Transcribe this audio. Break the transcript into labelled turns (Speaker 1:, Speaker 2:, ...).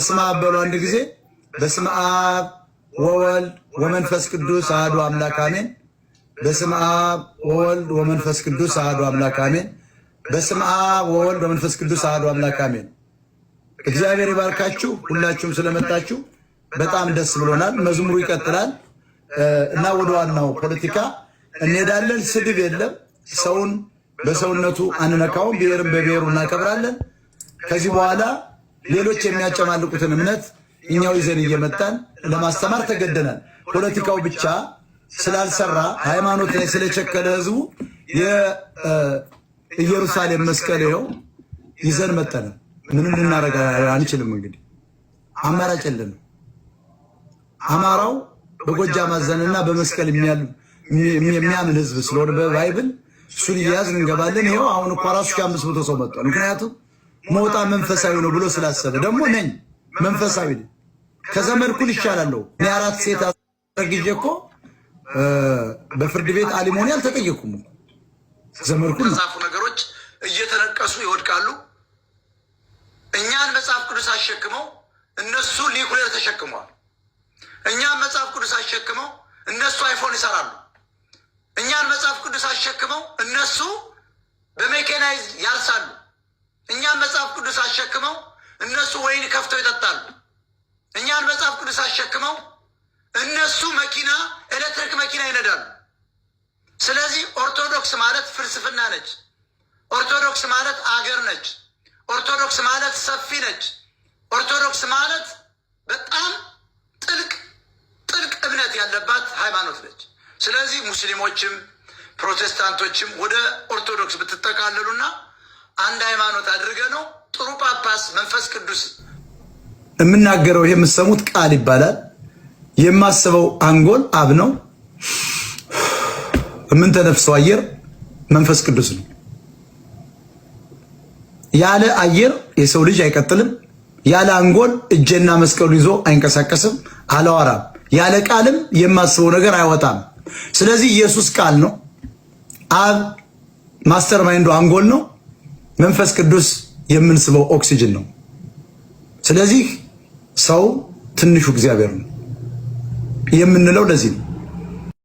Speaker 1: በስመ አብ በሉ አንድ ጊዜ። በስመ አብ ወወልድ ወመንፈስ ቅዱስ አሐዱ አምላክ አሜን። በስመ አብ ወወልድ ወመንፈስ ቅዱስ አሐዱ አምላክ አሜን። በስመ አብ ወወልድ ወመንፈስ ቅዱስ አሐዱ አምላክ አሜን። እግዚአብሔር ይባርካችሁ። ሁላችሁም ስለመጣችሁ በጣም ደስ ብሎናል። መዝሙሩ ይቀጥላል እና ወደ ዋናው ፖለቲካ እንሄዳለን። ስድብ የለም። ሰውን በሰውነቱ አንነካውም። ብሔርን በብሔሩ እናከብራለን። ከዚህ በኋላ ሌሎች የሚያጨማልቁትን እምነት እኛው ይዘን እየመጣን ለማስተማር ተገደናል። ፖለቲካው ብቻ ስላልሰራ ሃይማኖት ላይ ስለቸከለ ህዝቡ የኢየሩሳሌም መስቀል ይኸው ይዘን መጠነ ምንም ልናደርግ አንችልም። እንግዲህ አማራጭ የለም። አማራው በጎጃም አዘንና በመስቀል የሚያምን ህዝብ ስለሆነ በባይብል እሱን እያያዝን እንገባለን። ይኸው አሁን እኮ ራሱ ሺህ አምስት መቶ ሰው መጥቷል። ምክንያቱም መውጣ መንፈሳዊ ነው ብሎ ስላሰበ ደግሞ ነኝ መንፈሳዊ ከዘመድኩን ይሻላለሁ። እኔ አራት ሴት አርግዤ እኮ በፍርድ ቤት አሊሞኒ አልተጠየኩም። ዘመድኩን
Speaker 2: የተጻፉ ነገሮች እየተነቀሱ ይወድቃሉ። እኛን መጽሐፍ ቅዱስ አሸክመው እነሱ ሊኩሌር ተሸክመዋል። እኛን መጽሐፍ ቅዱስ አሸክመው እነሱ አይፎን ይሰራሉ። እኛን መጽሐፍ ቅዱስ አሸክመው እነሱ በሜኬናይዝ ያርሳሉ። እኛም መጽሐፍ ቅዱስ አሸክመው እነሱ ወይን ከፍተው ይጠጣሉ። እኛን መጽሐፍ ቅዱስ አሸክመው እነሱ መኪና ኤሌክትሪክ መኪና ይነዳሉ። ስለዚህ ኦርቶዶክስ ማለት ፍልስፍና ነች። ኦርቶዶክስ ማለት አገር ነች። ኦርቶዶክስ ማለት ሰፊ ነች። ኦርቶዶክስ ማለት በጣም ጥልቅ ጥልቅ እምነት ያለባት ሃይማኖት ነች። ስለዚህ ሙስሊሞችም ፕሮቴስታንቶችም ወደ ኦርቶዶክስ ብትጠቃለሉና አንድ ሃይማኖት አድርገ ነው ጥሩ ጳጳስ መንፈስ ቅዱስ
Speaker 1: የምናገረው። ይሄ የምትሰሙት ቃል ይባላል። የማስበው አንጎል አብ ነው። የምንተነፍሰው አየር መንፈስ ቅዱስ ነው። ያለ አየር የሰው ልጅ አይቀጥልም። ያለ አንጎል እጄና መስቀሉ ይዞ አይንቀሳቀስም። አላወራም። ያለ ቃልም የማስበው ነገር አይወጣም። ስለዚህ ኢየሱስ ቃል ነው። አብ ማስተር ማይንዱ አንጎል ነው። መንፈስ ቅዱስ የምንስበው ኦክሲጅን ነው። ስለዚህ ሰው ትንሹ እግዚአብሔር ነው የምንለው ለዚህ ነው።